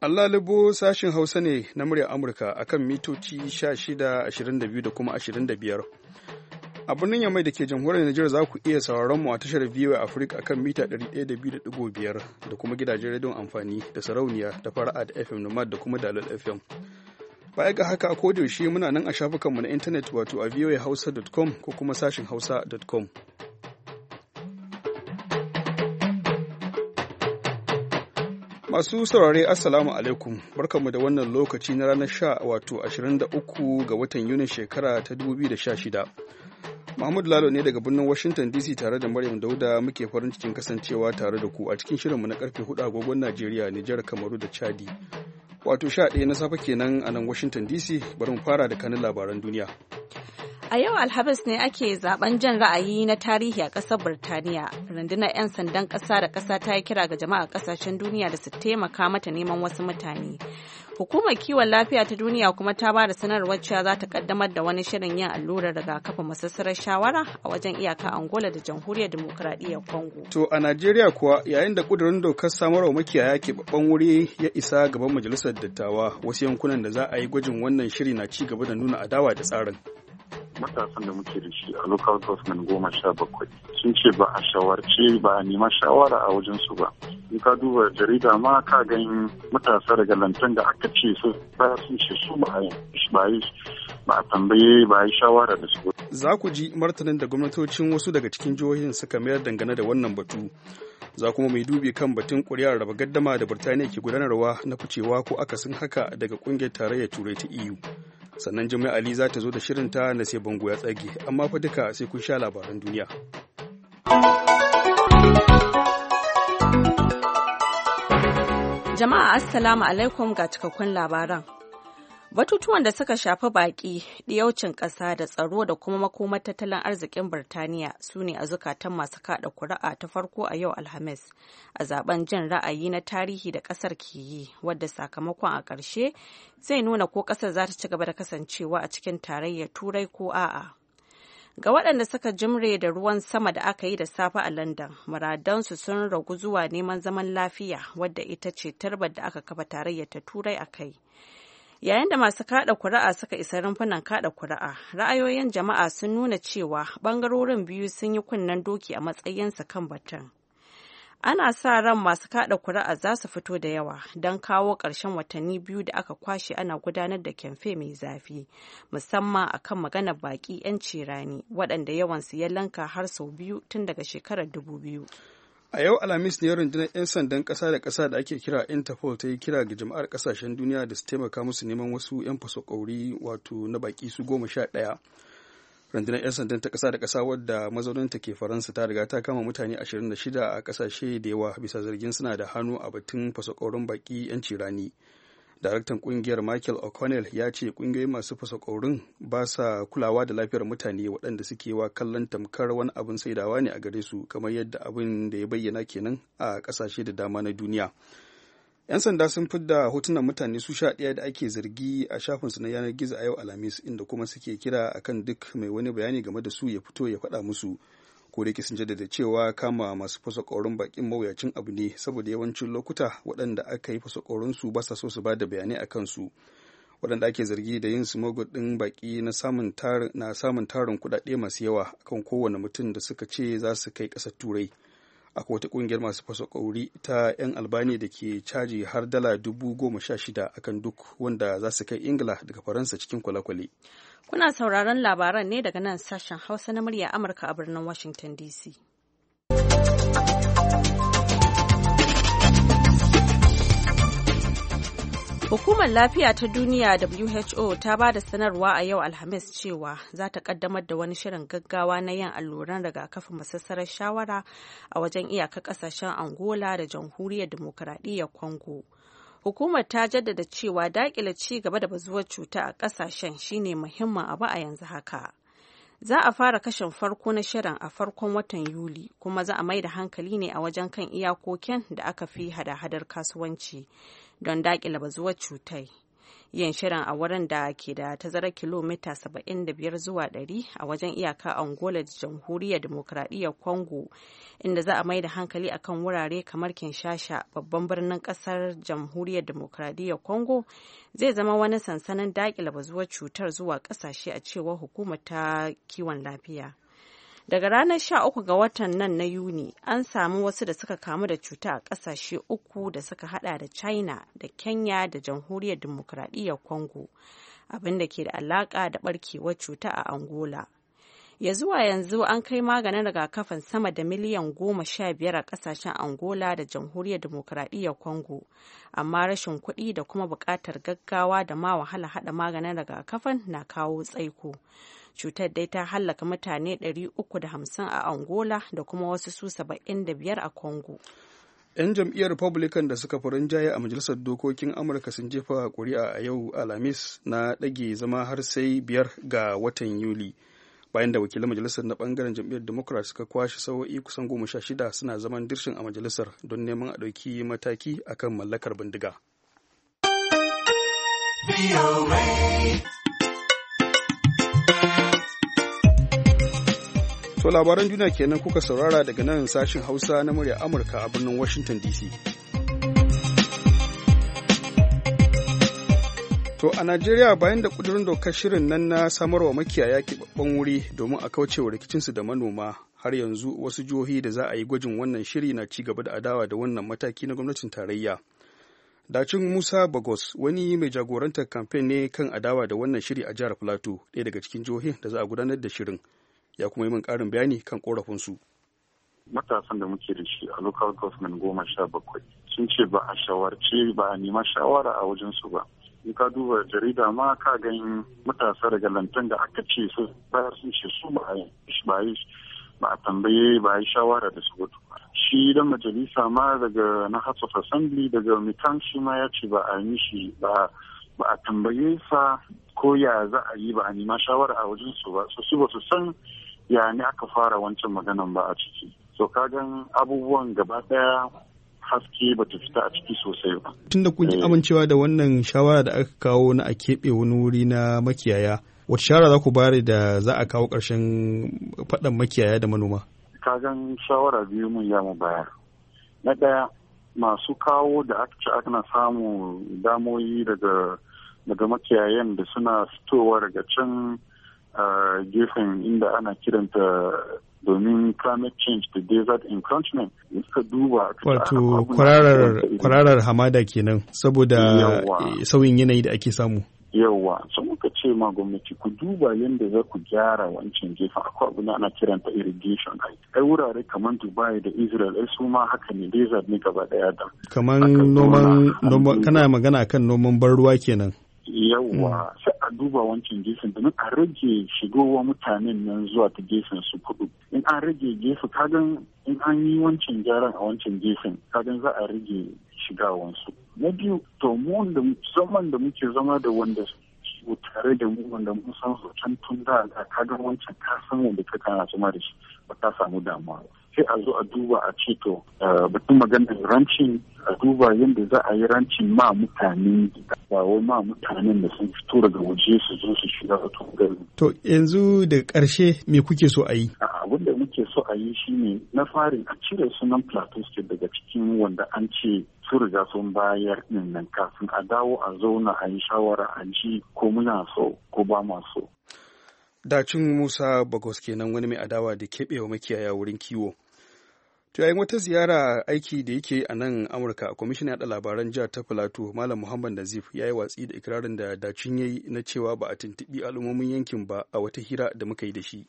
Allah libo sashin Hausa ne na muryar Amurka akan mitoci 16, da kuma 25. A birnin Yamai da ke jamhuriyar Nijar za ku iya sauraron mu a tashar VOA Africa akan mita 102.5 da kuma gidajen rediyon amfani da sarauniya da fara'a da FM Nomad da kuma Dalil FM. Baya ga haka ko a yaushe muna nan a shafukanmu na intanet wato a voahausa.com ko kuma sashin hausa.com. Masu saurare Assalamu alaikum barkanmu da wannan lokaci na ranar sha wato 23 ga watan Yunin shekara ta 2016. Mahmud Lalo ne daga birnin Washington DC tare da Maryam Dauda muke farin cikin kasancewa tare da ku a cikin shirinmu na karfe 4 agogon Najeriya, Nijar, Kamaru da Chadi. wato sha ɗaya na safe kenan a nan washington dc bari mu fara da kanin labaran duniya A yau alhabis ne ake zaben jan ra'ayi na tarihi a ƙasar Birtaniya. Rundunar 'yan sandan ƙasa da ƙasa ta yi kira ga jama'a ƙasashen duniya da su taimaka mata neman wasu mutane. Hukumar kiwon lafiya ta duniya kuma ta ba da sanarwar cewa za ta kaddamar da wani shirin yin allurar kafa masassarar shawara a wajen iyaka Angola da Jamhuriyar Dimokuraɗiyyar Congo. To a Najeriya kuwa yayin da ƙudurin dokar wa makiyaya keɓaɓɓen wuri ya isa gaban majalisar dattawa wasu yankunan da za a yi gwajin wannan shiri na ci gaba da nuna adawa da tsarin. matasan da muke da shi a local government goma sha bakwai sun ce ba a shawarce ba a nema shawara a wajen su ba in ka duba jarida ma ka gani matasa daga lantan da aka ce su ba sun ce su ba a tambaye ba a yi shawara da su za ku ji martanin da gwamnatocin wasu daga cikin jihohin suka mayar dangane da wannan batu za kuma mai dubi kan batun kuri'ar raba gaddama da birtaniya ke gudanarwa na ficewa ko akasin haka daga kungiyar tarayyar turai ta eu sannan Jummai Ali za ta zo da shirinta na sai bango ya tsage amma fa duka sai kun sha labaran duniya. Jama'a Assalamu alaikum ga cikakkun labaran. Batutuwan da suka shafi baƙi, ɗiyaucin ƙasa da tsaro da kuma makomar tattalin arzikin Birtaniya su ne a zukatan masu kaɗa kuri'a ta farko a yau Alhamis a zaben jin ra'ayi na tarihi da ƙasar ke yi, wadda sakamakon a ƙarshe zai nuna ko ƙasar za ta ci gaba da kasancewa a cikin tarayyar Turai ko a'a. Ga waɗanda suka jimre da ruwan sama da aka yi da safe a London, muradansu sun ragu zuwa neman zaman lafiya, wadda ita ce tarbar da aka kafa tarayyar ta Turai a kai. Yayin da masu kada kuri'a suka isa rumfunan kada kuri'a, ra'ayoyin jama'a sun nuna cewa bangarorin biyu sun yi kunnen doki a matsayinsa kan batun. Ana sa ran masu kada kuri'a za su fito da yawa don kawo ƙarshen watanni biyu da aka kwashe ana gudanar da kyamfe mai zafi, musamman a kan maganar baƙi 'yanci rani waɗanda yawansu ya lanka har sau biyu tun daga shekarar dubu biyu. a yau alhamis ne rundunar 'yan sandan ƙasa da kasa da ake kira interpol ta yi kira ga jama'ar kasashen duniya da su taimaka musu neman wasu 'yan faso-kauri wato na baki su goma sha ɗaya rundunar 'yan sandan ta kasa da ƙasa wadda mazaunanta ke faransa ta riga ta kama mutane 26 a kasashe da yawa bisa zargin suna da hannu a batun faso-kaurin baki 'yanci rani daraktan kungiyar michael o'connell ya ce kungiyoyi masu fasa ƙorin ba sa kulawa da lafiyar mutane waɗanda suke wa kallon tamkar wani abin saidawa ne a gare su kamar yadda abin da ya bayyana kenan a ƙasashe da dama na duniya 'yan sanda sun fi da hotunan mutane su sha ɗaya da ake zargi a shafinsu na yanar gizo a yau alhamis inda kuma suke kira akan duk mai wani bayani game da su ya fito ya faɗa musu ko da sun jaddada cewa kama masu fasa ƙorin bakin mawuyacin abu ne saboda yawancin lokuta waɗanda aka yi fasa su ba sa so su ba da bayanai a kansu waɗanda ake zargi da yin su ɗin baƙi na samun tarin kuɗaɗe masu yawa akan kowane mutum da suka ce za su kai ƙasar turai akwai wata ƙungiyar masu fasa ta 'yan albani da ke caji har dala dubu goma sha shida akan duk wanda za su kai ingila daga faransa cikin kwale-kwale Kuna sauraron labaran ne daga nan sashen Hausa na murya Amurka a birnin Washington DC. Hukumar Lafiya ta Duniya WHO ta ba da sanarwa a yau Alhamis cewa za ta kaddamar da wani shirin gaggawa na yin alluran rigakafin masassarar shawara a wajen iyaka kasashen Angola da Jamhuriyar Dimokuraɗiyyar Congo. Hukumar ta jaddada cewa dakile ci gaba da bazuwar cuta a kasashen shine muhimmin abu a yanzu haka. Za a fara kashin farko na shirin a farkon watan Yuli kuma za a mai da hankali ne a wajen kan iyakokin da aka fi hada-hadar kasuwanci don dakile bazuwar cutai. yin shirin a wurin da ke da tazara kilomita 75 zuwa 100 a wajen iyaka angola da jamhuriyar demokradiyyar congo inda za a mai da hankali akan wurare kamar kinshasa babban birnin kasar jamhuriyar demokradiyyar congo zai zama wani sansanin dakila bazuwar cutar zuwa kasashe a cewar hukumar ta kiwon lafiya Daga ranar 13 ga watan nan na Yuni, an samu wasu da suka kamu da cuta a kasashe uku da suka hada da China da Kenya da Jamhuriyar demokradiyyar Congo, abinda ke da alaka da barkewar cuta a Angola. ya zuwa yanzu an kai maganin rigakafin sama da miliyan goma sha biyar a kasashen angola da jamhuriyar demokradiyyar congo amma rashin kuɗi da kuma buƙatar gaggawa da ma wahala haɗa maganin rigakafin na kawo tsaiko cutar dai ta hallaka mutane 350 a angola da kuma wasu su 75 a congo 'yan jam'iyyar republican da suka fi rinjaye a majalisar dokokin amurka sun jefa kuri'a a yau alhamis na ɗage zama har sai biyar ga watan yuli bayan da wakilan majalisar na bangaren jam'iyyar democrat suka kwashe sawo'i kusan goma sha shida suna zaman dirshin a majalisar don neman a ɗauki mataki akan mallakar bindiga. To labaran duniya kenan kuka saurara daga nan sashin Hausa na murya Amurka a birnin Washington DC. To a Najeriya bayan da kudurin dokar shirin nan na samarwa makiyaya keɓaɓɓen wuri domin a kaucewa rikicinsu da manoma har yanzu wasu jihohi da za a yi gwajin wannan shiri na ci gaba da adawa da wannan mataki na gwamnatin tarayya. Dacin Musa Bagos wani mai jagorantar kamfen ne kan adawa da wannan shiri a jihar Plateau ɗaya daga cikin jihohin da za a gudanar da shirin. ya kuma yi min karin bayani kan korafin su Matasan da muke da shi a local government goma sha bakwai sun ce ba a shawarce ba a nema shawara a wajen su ba. in ka duba jarida ma ka gani matasa daga lantan da aka ce su bayar sun ce su ba a yi ba a tambaye ba a yi shawara da su wato shi da majalisa ma daga na house of assembly daga mitan shi ma ya ce ba a yi shi ba ba a tambaye sa ko ya za a yi ba a nema shawara a wajen su ba su ba su san ya ne aka fara wancan maganan ba a ciki so gan abubuwan gaba daya haske ba ta fita a ciki sosai ba tunda kun yi eh. amincewa da wannan shawara da aka kawo na a keɓe wani wuri na makiyaya wata shawara za ku bari da za a kawo ƙarshen faɗan makiyaya da manoma Ka kagan shawara biyu mun ya mu bayar na ɗaya masu kawo da aka ci ana samu damoyi daga daga makiyayan da suna fitowa daga can a gefen inda ana kiranta domin climate change the desert encroachment suka duba wato kwararar hamada kenan saboda sauyin yanayi da ake samu yawa sun muka ce ma gwamnati ku duba yadda za ku gyara wancan gefen akwai abu na ana kiranta irrigation ai wurare kamar dubai da israel ai su ma haka ne desert ne gaba daya da kamar noman kana magana kan noman ban ruwa kenan yawwa hmm. sai a duba wancan gefen domin a rage shigowa mutanen nan zuwa ta gefen su kudu in an rage gefe kagan in an yi wancan gyaran a wancan gefen kagan za a rage shigawansu na biyu to mu da zaman da muke zama da wanda su tare da mu wanda mun san su can tun da kagan wancan kasan wanda ka kana zama da shi ba ta samu damuwa ba sai a zo a duba a ce to eh, batun maganar rancin a duba yadda za a yi rancin ma mutane da ba ma mutanen da sun fito daga waje su zo su shiga wato gari. To yanzu da ƙarshe me kuke so a yi? Abin da muke so a yi shi ne, na fari a cire sunan Plateau State daga cikin wanda an ce sun riga sun bayar nan kafin a dawo a zauna a yi shawara a ji ko muna so ko ba ma so. dacin musa bagos kenan wani mai adawa da keɓewa makiyaya wurin kiwo to yayin wata ziyara aiki da yake a nan amurka a kwamishinan yaɗa labaran jihar ta filato malam muhammad nazif ya yi watsi da ikirarin da dacin ya yi na cewa ba a tuntuɓi al'ummomin yankin ba a wata hira da muka yi da shi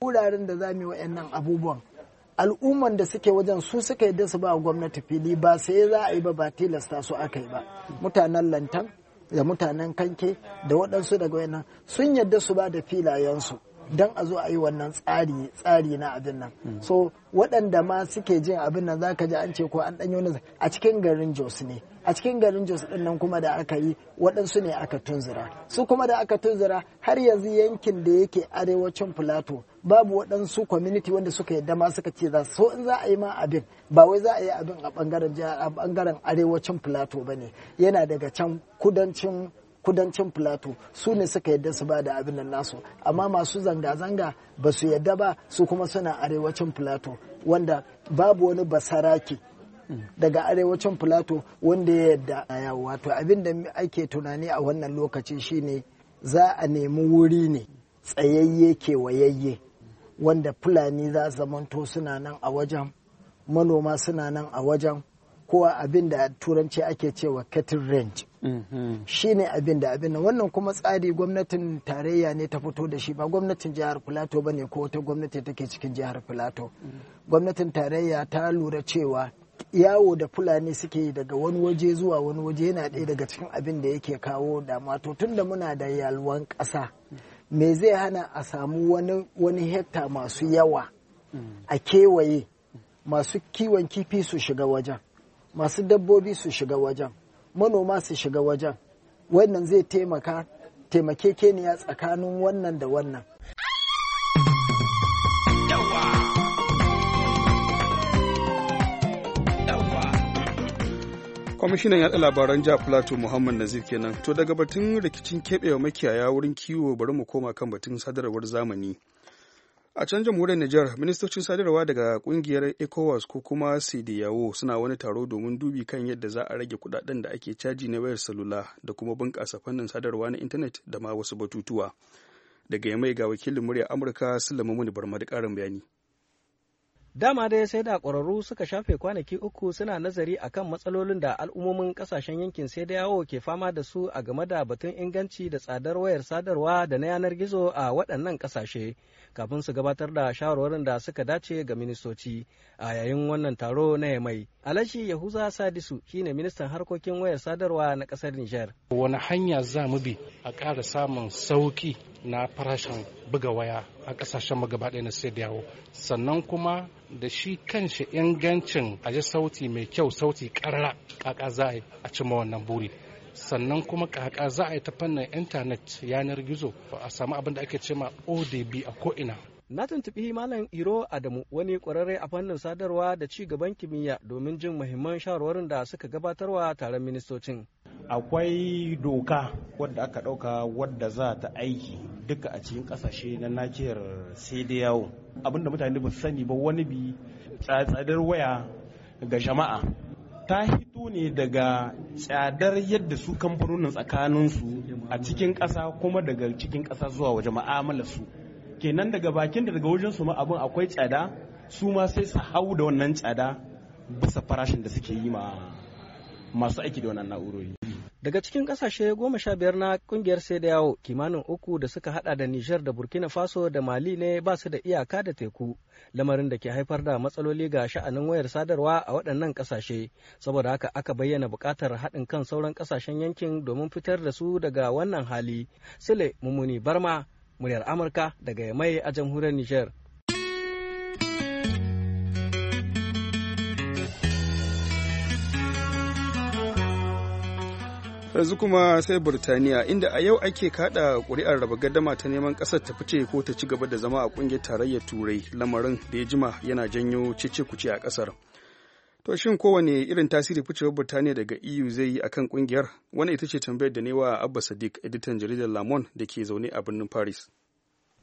wuraren da za mu yi wa'annan abubuwan al'umman da suke wajen su suka yi su ba gwamnati fili ba sai za a yi ba ba tilasta su aka yi ba mutanen lantan da mutanen kanke da waɗansu daga wayannan sun yadda su ba da filayensu don a zo a yi wannan tsari na abin nan mm. so waɗanda ma suke jin abin nan zaka ji an ce ko an ɗanyo na a cikin garin jos ne a cikin garin jos ɗin nan kuma da aka yi waɗansu ne aka tunzura su kuma da aka tunzura har yanzu yankin da yake arewacin plateau babu waɗansu community wanda suka yadda ma suka ce za so in za a yi ma abin ba wai za a yi abin a ɓangaren a bangaren arewacin plateau ne yana daga can kudancin kudancin plateau su ne suka yadda su ba da abin nan nasu amma masu zanga-zanga ba su yadda ba su kuma suna arewacin plateau wanda babu wani basaraki daga arewacin plateau wanda ya yadda yawo wato abin da ake tunani a wannan lokacin shine za a nemi wuri ne tsayayye kewayayye wanda fulani za zamanto suna nan a wajen manoma suna nan a wajen kowa abin da turanci ake cewa cattle range mm-hmm. shi ne abin da abin nan wannan kuma tsari gwamnatin tarayya ne ta fito da shi ba gwamnatin jihar filato ba ne ko wata gwamnati take cikin jihar filato gwamnatin tarayya ta lura cewa yawo da fulani suke yi daga wani waje zuwa wani waje yana ɗaya daga cikin abin da yake kawo damato to da muna da yalwan ƙasa me zai hana a samu wani, wani hekta masu yawa a kewaye masu kiwon kifi su shiga wajen masu dabbobi su shiga wajen manoma su shiga wajen wannan zai taimaka taimakekeniya tsakanin wannan da wannan kwamishinan yaɗa labaran jihar plateau muhammad nazir kenan to daga batun rikicin keɓewa makiyaya wurin kiwo bari mu koma kan batun sadarwar zamani a can jamhuriyar niger ministocin sadarwa daga kungiyar ecowas ko kuma cdao suna wani taro domin dubi kan yadda za a rage kudaden da ake caji na wayar salula da kuma bunƙasa fannin sadarwa na intanet da ma wasu batutuwa daga yamai ga wakilin murya amurka sulaiman muni bar bayani Dama dai sai da ƙwararru suka shafe kwanaki uku suna nazari akan matsalolin da al'ummomin ƙasashen yankin sai da yawo ke fama da su a game da batun inganci da tsadar wayar sadarwa da na yanar gizo a waɗannan ƙasashe. kafin su gabatar da shawarwarin da suka dace ga ministoci a yayin wannan taro na yamai alashi yahuza sadisu shine ministan harkokin wayar sadarwa na kasar nijar wani hanya za mu bi a ƙara samun sauki na farashin buga waya a ƙasashen magabaɗaya na sai yawo sannan kuma da shi kanshi ingancin aji sauti mai kyau sauti ƙarra ƙaƙa za a cimma wannan buri sannan kuma kaka za a yi ta fannin intanet yanar gizo a samu abin da ake ma odb a ko'ina na tuntubi malam iro adamu wani kwararre a fannin sadarwa da ci gaban kimiyya domin jin muhimman shawarwarin da suka gabatarwa taron ministocin akwai doka wadda aka ɗauka wadda za ta aiki duka a cikin kasashe na nakiyar sai da yawo abinda mutane ba su sani ba wani bi tsadar waya ga jama'a ta fito ne daga tsadar yadda su kamfanonin su a cikin ƙasa kuma daga cikin kasa zuwa waje ma'amalar su kenan daga bakin da daga wajen su ma abin akwai tsada su ma sai su hau da wannan tsada bisa farashin da suke yi ma masu aiki da wannan na'urori Daga cikin ƙasashe goma sha biyar na ƙungiyar sai da yawo kimanin uku da suka hada da Nijar da Burkina Faso da Mali ne ba su da iyaka da teku, lamarin da ke haifar da matsaloli ga sha'anin wayar sadarwa a waɗannan ƙasashe, saboda haka aka bayyana buƙatar haɗin kan sauran ƙasashen yankin domin fitar da su daga wannan hali. Sule Mumuni Barma, muryar Amurka daga Yamai a jamhuriyar Nijar. yanzu kuma sai burtaniya inda a yau ake kada kuri'ar raba gardama ta neman kasar ta fice ko ta ci gaba da zama a kungiyar tarayyar turai lamarin da ya jima yana janyo cece kuce a kasar to shin kowane irin tasiri ficewar burtaniya daga eu zai yi akan kungiyar wani ita ce tambayar da newa abba sadiq editan jaridar lamon da ke zaune a birnin paris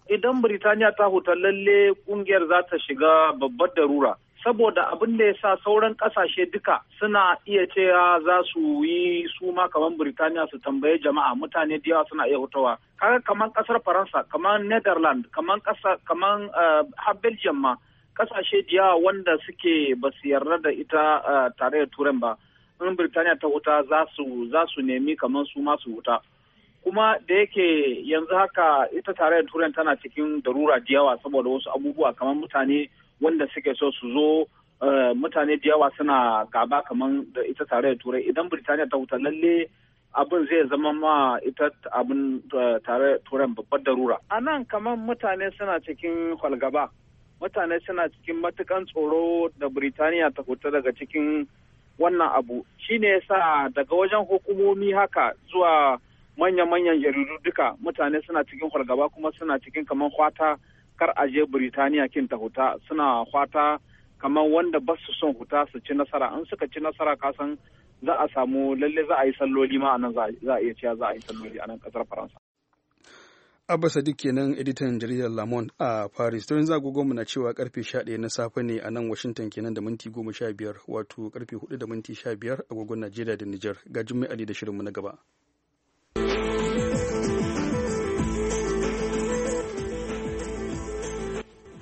idan burtaniya ta huta lalle kungiyar za ta shiga babbar darura saboda abin da ya sa sauran kasashe duka suna iya cewa za su yi su ma kamar Birtaniya su tambaye jama'a mutane da yawa suna iya hutawa kaga kamar kasar Faransa kamar Netherlands kamar kasa kamar eh, har Belgium ma kasashe da yawa wanda suke ba su yarda da ita eh, tare da Turan ba in Birtaniya ta huta za su za su nemi kamar su ma su huta kuma da yake yanzu haka ita tare da Turan tana cikin darura da yawa saboda wasu abubuwa kamar mutane wanda suke so su zo eh, mutane da yawa suna gaba kamar da ita tare turai idan birtaniya ta wuta lalle abin zai zama ma ita abin eh, tare turai babbar darura a nan kamar mutane suna cikin kwalgaba mutane suna cikin matukan tsoro da birtaniya ta fita daga cikin wannan abu shine yasa daga wajen hukumomi haka zuwa manya-manyan jaridu duka mutane suna cikin kwalgaba kuma suna cikin kamar kwata kar a je Birtaniya kin ta huta suna fata kamar wanda ba su son huta su ci nasara an suka ci nasara kasan za a samu lalle za a yi salloli ma anan za a iya cewa za a yi salloli a nan kasar Faransa. Abba Sadiq kenan editan jaridar Lamon a Paris. za yanzu mu na cewa karfe 11 na safe ne a nan Washington kenan da minti 15 wato karfe 4 da minti 15 agogon Najeriya da Nijar. Ga Jummai Ali da shirinmu na gaba.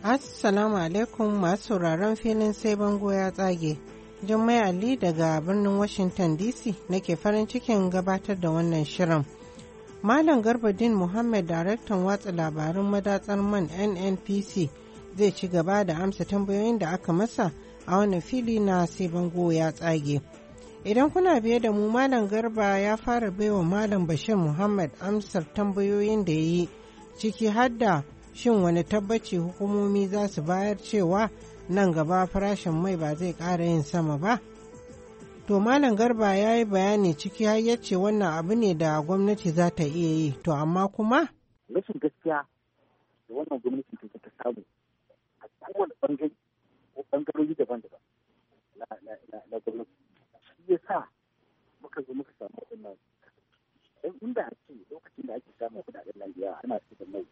Assalamu alaikum masu sauraron filin sai bango ya tsage. Jummai Ali daga birnin Washington DC nake farin cikin gabatar da wannan shirin. Malam Garba Garbadin Muhammad daraktan watsa labarun madatsar man NNPC zai ci gaba da amsa tambayoyin da aka masa a wannan fili na sai bango ya tsage. Idan kuna biye da mu Malam Garba ya fara baiwa Malam Bashir Muhammad amsar tambayoyin da ya yi ciki hadda shin wani tabbaci hukumomi za su bayar cewa nan gaba farashin mai ba zai ƙara yin sama ba? To Malam Garba ya yi bayani ciki har ya ce wannan abu ne da gwamnati za ta iya yi, to amma kuma? Rashin gaskiya da wannan gwamnati ta ta samu a kowane bangare ko bangarori daban-daban na gwamnati. Shi ya sa muka zo muka samu wannan. Don inda a ce lokacin da ake samun kudaden nan ana cikin mai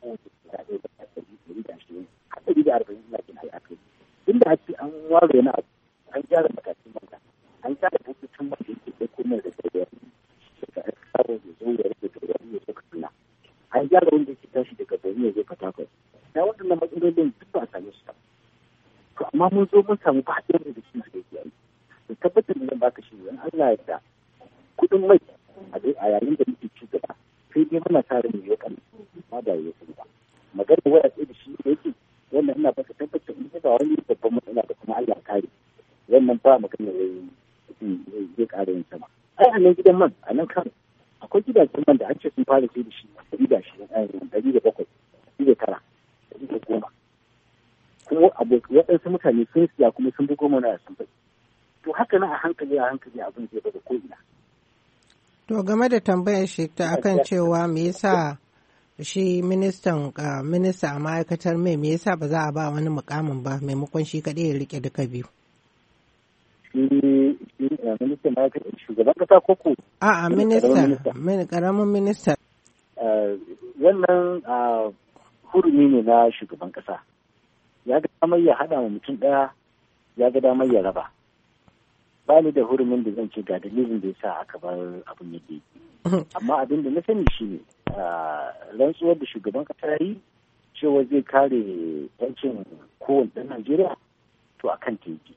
kowace shekara ɗaya da da ashirin da arba'in ina jin har aka an ware na abu an gyara makatun mata an gyara bututun mata yake da kuma da daga eskaro ya ya ya zo an gyara wanda tashi daga na matsalolin duk ba su ba to amma mun zo mun samu ba ɗaya su da a yi tabbatar da zan baka shi in Allah ya da kuɗin mai a yayin da muke ci gaba sai dai muna tare ne ya kalli ma da ya ba magana waya sai da shi yake wannan ina baka tabbata in ba wani babban matsala da kuma Allah kare wannan ba magana zai ya kare yin sama ai a nan gidan man a nan kan akwai gidajen man da an ce sun fara sai da shi ɗari da shi eh, ɗari da bakwai ɗari da tara ɗari da goma kuma abokan waɗansu mutane sun siya kuma sun bi goma na sun bai to haka na a hankali a hankali abin zai bada ko ina To game da tambayar shi ta akan cewa me yasa shi ministan minista a ma'aikatar mai me yasa ba za a ba wani mukamin ba maimakon shi kaɗai ya rike duka biyu. Ministan ma'aikatar shugaban kasa koko? A'a minista, karamin minista. Wannan hurumi ne na shugaban kasa. Ya ga damar ya haɗa mutum ɗaya, ya ga damar ya raba. ba ni da hurumin da zan ce ga dalilin da sa aka bar abin yadda yake amma abin da na sani ne rantsuwar da shugaban kasa yi cewa zai kare yancin kowane ɗan Najeriya to akan teki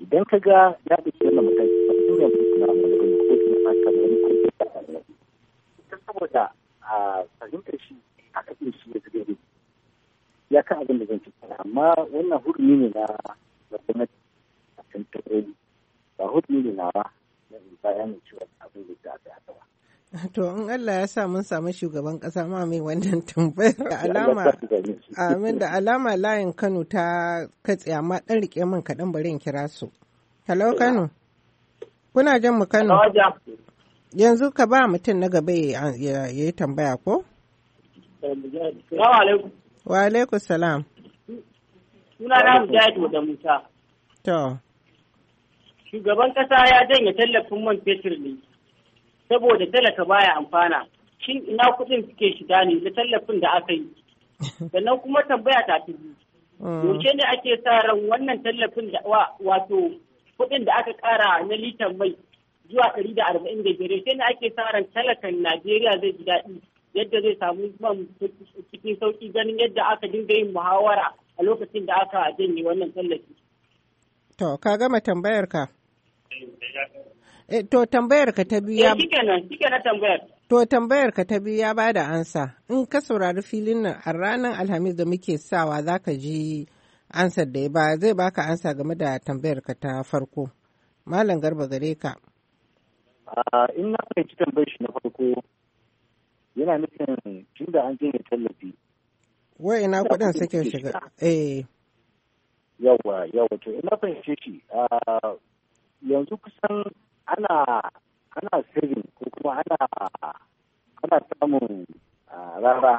idan ka ga ya da ke wannan mataki a duniya a wani ko kuma kan wani kuma ta saboda a fahimtar shi aka ɗin shi ya zai da ya kan abin da zan ce amma wannan hurumi ne na gwamnati a kan tattalin ba hudu ne nawa na in bayanin cewa abin da ta haka ba To in Allah ya sa mun samu shugaban kasa ma mai wannan tambayar da alama amin da alama layin Kano ta katse amma dan rike min kaɗan bari in kira su. Hello Kano. Kuna jan mu Kano? Yanzu ka ba mutum na gaba ya yi tambaya ko? Wa alaikum salam. Suna na Mujahid da mu To. Shugaban ƙasa ya janye tallafin man fetur ne saboda talaka baya amfana. Shin ina kuɗin suke shiga ne da tallafin da aka yi? Sannan kuma tambaya ta fi mm. Yaushe ne ake sa ran wannan tallafin da wato kuɗin da aka kara na litan mai zuwa ɗari da arba'in da biyar sai ne ake sa ran talakan Najeriya zai ji daɗi yadda zai samu man cikin sauki ganin yadda aka dinga yin muhawara a lokacin da aka janye wannan tallafi. To, ka gama tambayar ka. E, to tambayar ka ta biya. Eh, tambayar. To tambayar ka ta biya ba da ansa. In ka saurari filin nan a ranar Alhamis da muke sawa za ka ji ansar da ya ba zai baka ansa game da tambayar ka ta farko. Malam Garba gare ka. Ah, in na fahimci tambayar shi na farko yana nufin tun da an janye tallafi. Wai ina kuɗin suke shiga. Eh. Yawa yawa to ina fahimce shi. Ah, yanzu kusan ana ana saving ko kuma ana ana samun rara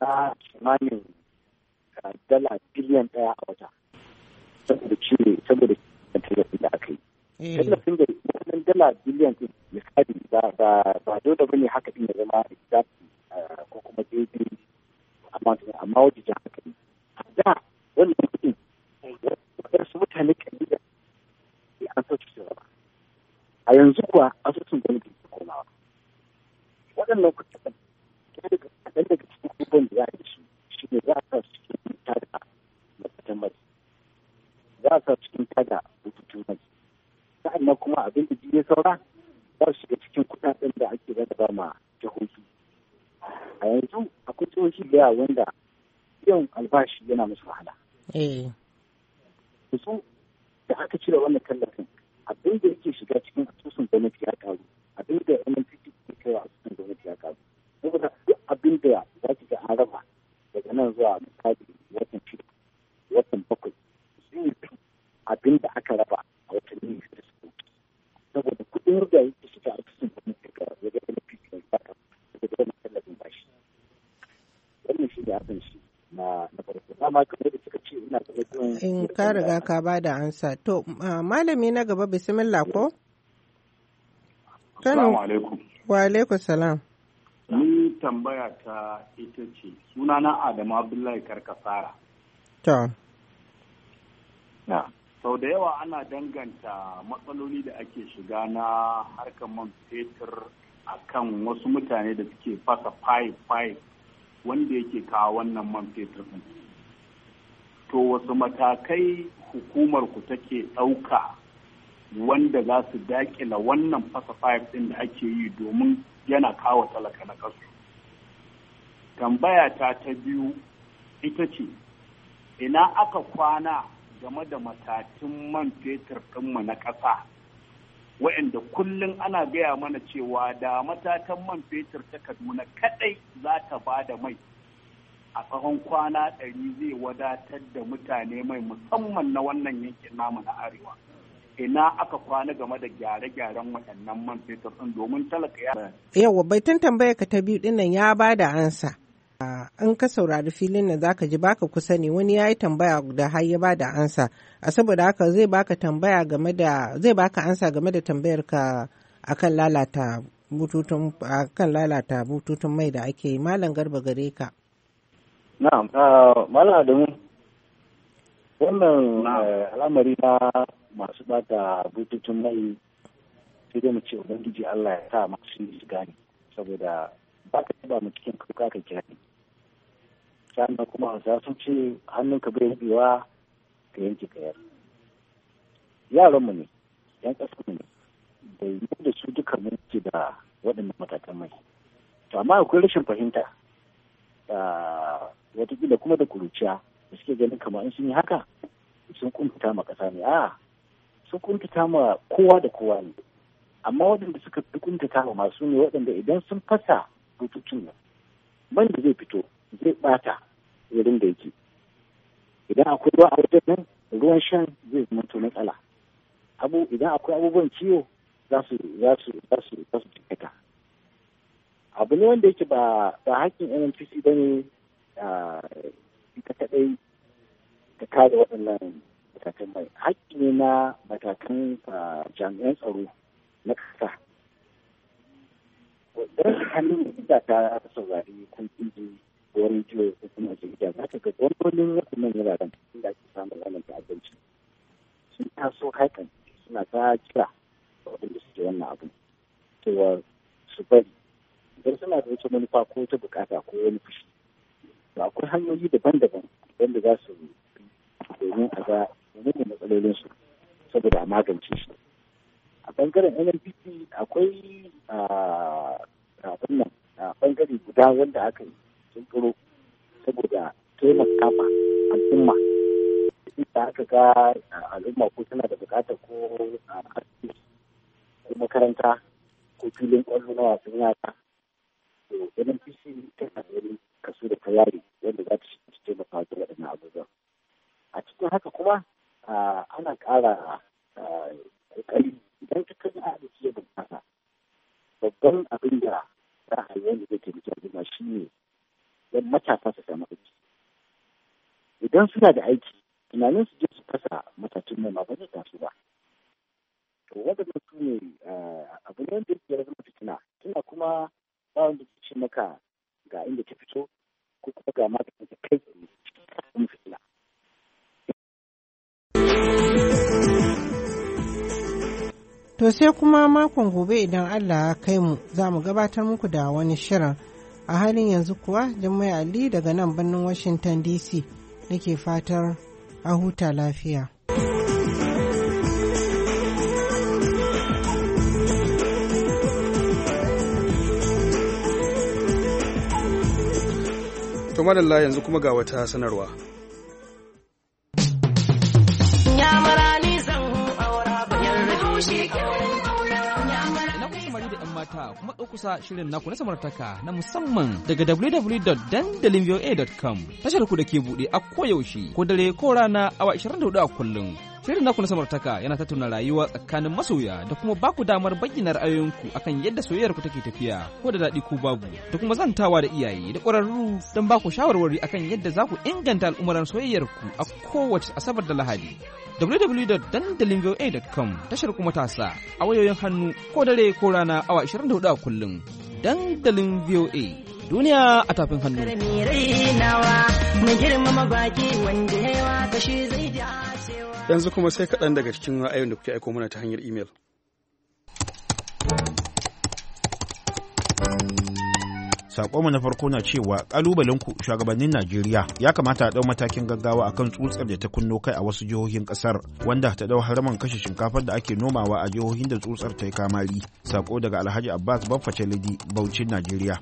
na kimanin dala biliyan daya a wata saboda cire saboda tallafin da aka yi eh. tallafin da wannan dala biliyan din misali ba ba dole bane haka din ya zama exactly ko kuma daidai amma amma wajen haka ne da wannan kudin wadansu mutane da kasar su ba a yanzu kuwa asusun gwamnati su ba. waɗannan kuɗaɗen ɗaya daga cikin abubuwan da ya yi shi shi ne za a sa su cikin tada mafatan mai za a sa su cikin tada rubutun mai sa'annan kuma abin da ya saura za su shiga cikin kuɗaɗen da ake rarraba ma jihohi a yanzu akwai jihohi da yawa wanda biyan albashi yana musu wahala. Eh. su da aka cire wannan tallafin abin da yake shiga cikin asusun gwamnati ya karu abin riga ka ba da ansa. To, malami na gaba bismillah ko? Assalamu alaikum. Wa alaikum salam. Ni tambaya ta ita ce, sunana Adamu Abdullahi Karkasara. To. Na, sau da yawa ana danganta matsaloli da ake shiga na harkar man fetur a kan wasu mutane da suke fasa fayi-fayi wanda yake kawo wannan man fetur ɗin. to wasu matakai hukumar ku take ɗauka wanda za su dakila wannan fasa ɗin da ake yi domin yana kawo talaka na kasu tambaya ta ta biyu ita ce ina aka kwana game da matatun man fetur ɗinmu na ƙasa wa'inda kullum ana gaya mana cewa da matatan man fetur ta kaduna kaɗai za ta ba da mai a tsawon kwana ɗari zai wadatar da mutane mai musamman na wannan yankin namu na arewa ina aka kwana game da gyare-gyaren waɗannan man fetur ɗin domin talaka ya yawa baitin tambaya ka ta biyu ɗinnan ya ba da ansa in ka saurari filin nan zaka ji baka kusa ne wani ya yi tambaya da har ya ba da ansa a saboda haka zai baka tambaya game da zai baka ansa game da tambayar ka akan lalata bututun akan lalata bututun mai da ake yi malam garba gare ka Na'am, uh, Malam Adamu, wannan eh, al'amari na masu bata bututun mai sai dai mu ce Ubangiji Allah ya sa masu yi gane saboda ba ka taba mu cikin kuka ka kira ni. Sannan kuma za su ce hannunka bai rubewa ka yanke kayar. Yaranmu ne, 'yan ƙasarmu ne, bai yi da su duka mun ke da waɗannan matakan mai. To amma akwai rashin fahimta. Uh, watakila kuma da kuruciya da suke ganin kamar in sun yi haka sun kuntuta ma kasa ne a sun kuntuta ma kowa da kowa ne amma waɗanda suka fi kuntuta ma masu ne waɗanda idan sun fasa bututun nan man da zai fito zai bata wurin da yake idan akwai ruwa a wajen nan ruwan shan zai zama to matsala abu idan akwai abubuwan ciwo za su za su za su za su abu ne wanda yake ba ba hakkin NNPC bane ita kaɗai ta kada waɗannan matakan mai haƙƙi ne na matakan ah, jami'an tsaro na ƙasa don hannun da ta saurari kun ɗiji wani jiyo ko kuma jirgin za ka ga gwamnonin waɗannan wuraren inda ake samun wannan ta'addanci sun taso haikan suna ta kira da waɗanda suke wannan abu cewa su bari idan suna da wata manufa ko ta bukata ko wani fushi akwai hanyoyi daban-daban wanda za su domin a ga menene matsalolin su saboda a magance shi a bangaren nnpp akwai a wannan bangare guda wanda aka yi sun saboda taimaka ma al'umma da aka ga al'umma ko tana da bukata ko a ko makaranta ko filin ƙwallo na wasan yara to nnpc tana da wani kaso da ta ware wanda za ta taimaka da waɗannan abubuwan a cikin haka kuma ana ƙara ƙoƙari idan a arziki ya bunƙasa babban abin da za a yi wanda zai taimaki al'umma shi ne don matasa su samu aiki idan suna da aiki tunanin su je su fasa matatun noma ba zai tasu ba to wanda su ne abin ne wanda ya zama fitina tuna kuma ba wanda ke ce maka ga inda ta fito ko kuma ga mata da kai kuma fitila. To sai kuma makon gobe idan Allah ya kai mu za mu gabatar muku da wani shirin. A halin yanzu kuwa Jummai Ali daga nan birnin Washington DC nake fatar a huta lafiya. madalla yanzu kuma ga wata sanarwa. mata kuma kusa shirin naku na samartaka na musamman daga www.dandalinvoa.com tashar ku da ke buɗe a koyaushe ko dare ko rana awa 24 a kullum Shirin naku na samartaka yana tattauna rayuwa tsakanin masoya da kuma baku damar bayyana ra'ayoyinku akan yadda soyayyar ku take tafiya ko da daɗi ko babu da kuma zantawa da iyaye da ƙwararru don baku shawarwari akan yadda za ku inganta al'umuran soyayyar ku a kowace asabar da lahadi. www.dandalinvoa.com tashar kuma tasa a wayoyin hannu ko dare ko rana awa 24 a kullum. Dandalin VOA duniya a tafin hannu. Mu girmama baki wanda yawa. Yanzu kuma sai kaɗan daga cikin ra'ayin da kuke aiko mana ta hanyar imel. mu na farko na cewa ƙalubalen ku shugabannin Najeriya ya kamata a ɗau matakin gaggawa akan tsutsar da ta kunno kai a wasu jihohin ƙasar wanda ta ɗau haraman kashe shinkafar da ake nomawa a jihohin da tsutsar ta yi kamari. Sako daga Alhaji Abbas Baffa Lidi Bauchin Najeriya.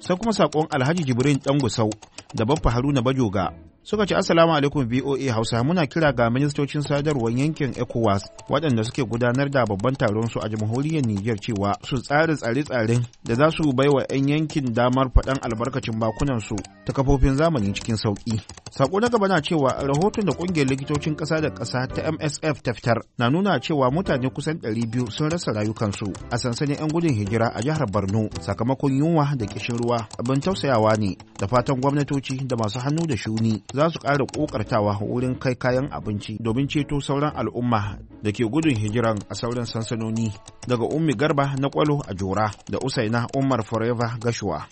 Sai kuma sakon Alhaji Jibrin Dangusau da Baffa Haruna Bajoga suka ce assalamu alaikum voa hausa muna kira ga ministocin sadarwar yankin ecowas waɗanda suke gudanar da babban taron su a jamhuriyar niger cewa su tsari tsare-tsaren da za su bai wa 'yan yankin damar faɗan albarkacin bakunan su ta kafofin zamani cikin sauƙi sako na gaba na cewa rahoton da ƙungiyar likitocin ƙasa da ƙasa ta msf ta fitar na nuna cewa mutane kusan 200 sun rasa rayukansu a sansanin 'yan gudun hijira a jihar borno sakamakon yunwa da kishin ruwa abin tausayawa ne da fatan gwamnatoci da masu hannu da shuni za su ƙara ƙoƙartawa wurin kai kayan abinci domin ceto sauran al'umma da ke gudun hijiran a sauran sansanoni daga ummi garba na kwalo a jora da usaina umar forever gashuwa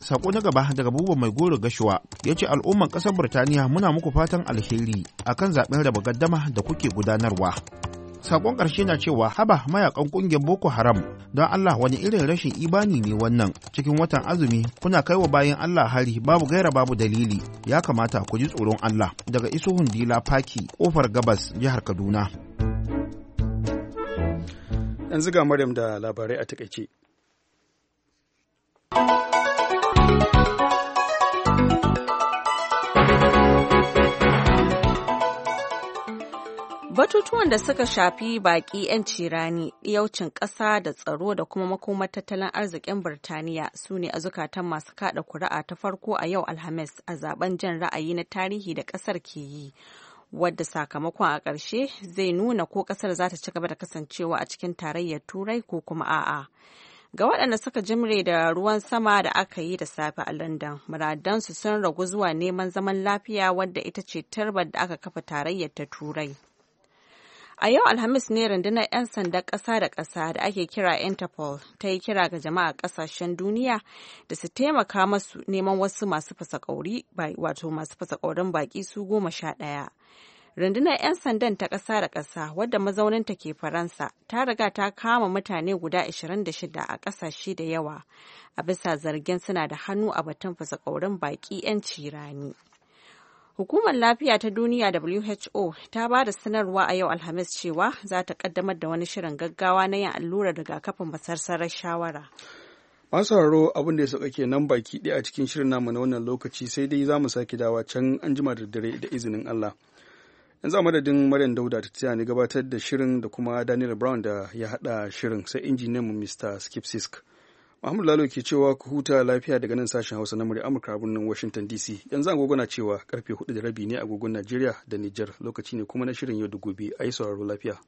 sako na gaba daga buba mai goro gashuwa ya ce al'umman ƙasar birtaniya muna muku fatan alheri akan zaɓen raba gaddama da kuke gudanarwa Sakon ƙarshe na cewa haba mayakan ƙungiyar Boko Haram don Allah wani irin rashin ibani ne wannan cikin watan azumi kuna kai wa bayan Allah hari babu gaira babu dalili ya kamata ku ji tsoron Allah daga Isuhun Dila Faki ƙofar gabas jihar Kaduna. Yanzu ga Maryam da labarai a takaice. Batutuwan da suka shafi baƙi 'yanci rani, yaucin ƙasa da tsaro da kuma makomar tattalin arzikin Birtaniya su ne a zukatan masu kaɗa kuri'a ta farko a yau Alhamis a zaben jan ra'ayi na tarihi da ƙasar ke yi. Wadda sakamakon a ƙarshe zai nuna ko ƙasar za ta ci gaba da kasancewa a cikin tarayyar Turai ko kuma a'a. Ga waɗanda suka jimre da ruwan sama da aka yi da safe a London, muradansu sun ragu zuwa neman zaman lafiya wadda ita ce tarbar da aka kafa tarayyar ta Turai. A yau Alhamis ne rundunar 'yan sandan ƙasa da ƙasa da ake kira Interpol ta yi kira ga jama'a ƙasashen duniya da su taimaka masu neman wasu masu fasakauri wato masu fasakaurin baƙi su goma sha ɗaya. Rundunar 'yan sandan ta ƙasa da ƙasa wadda mazauninta ke Faransa ta riga ta kama mutane guda 26 a ƙasashe da yawa a bisa zargin suna da hannu a batun fasakaurin baƙi 'yan rani. Hukumar Lafiya ta Duniya WHO ta ba da sanarwa a yau Alhamis cewa za ta kaddamar da wani shirin gaggawa na yin allurar rigakafin masarsarar shawara. Masu sauraro abin da ya sauka nan baki ɗaya a cikin shirin namu na wannan lokaci sai dai za mu sake dawa can an jima da dare da izinin Allah. Yanzu a madadin Maryam Dauda ta tsaya ni gabatar da shirin da kuma Daniel Brown da ya haɗa shirin sai injiniyanmu Mr. Skip Sisk. Muhammad Lalo ke cewa ku huta lafiya daga nan sashen Hausa na murya Amurka a birnin Washington DC. Yanzu agogo na cewa karfe 4 da rabi ne agogon Najeriya da Nijar lokaci ne kuma na shirin yau da gobe. a yi sauraro lafiya.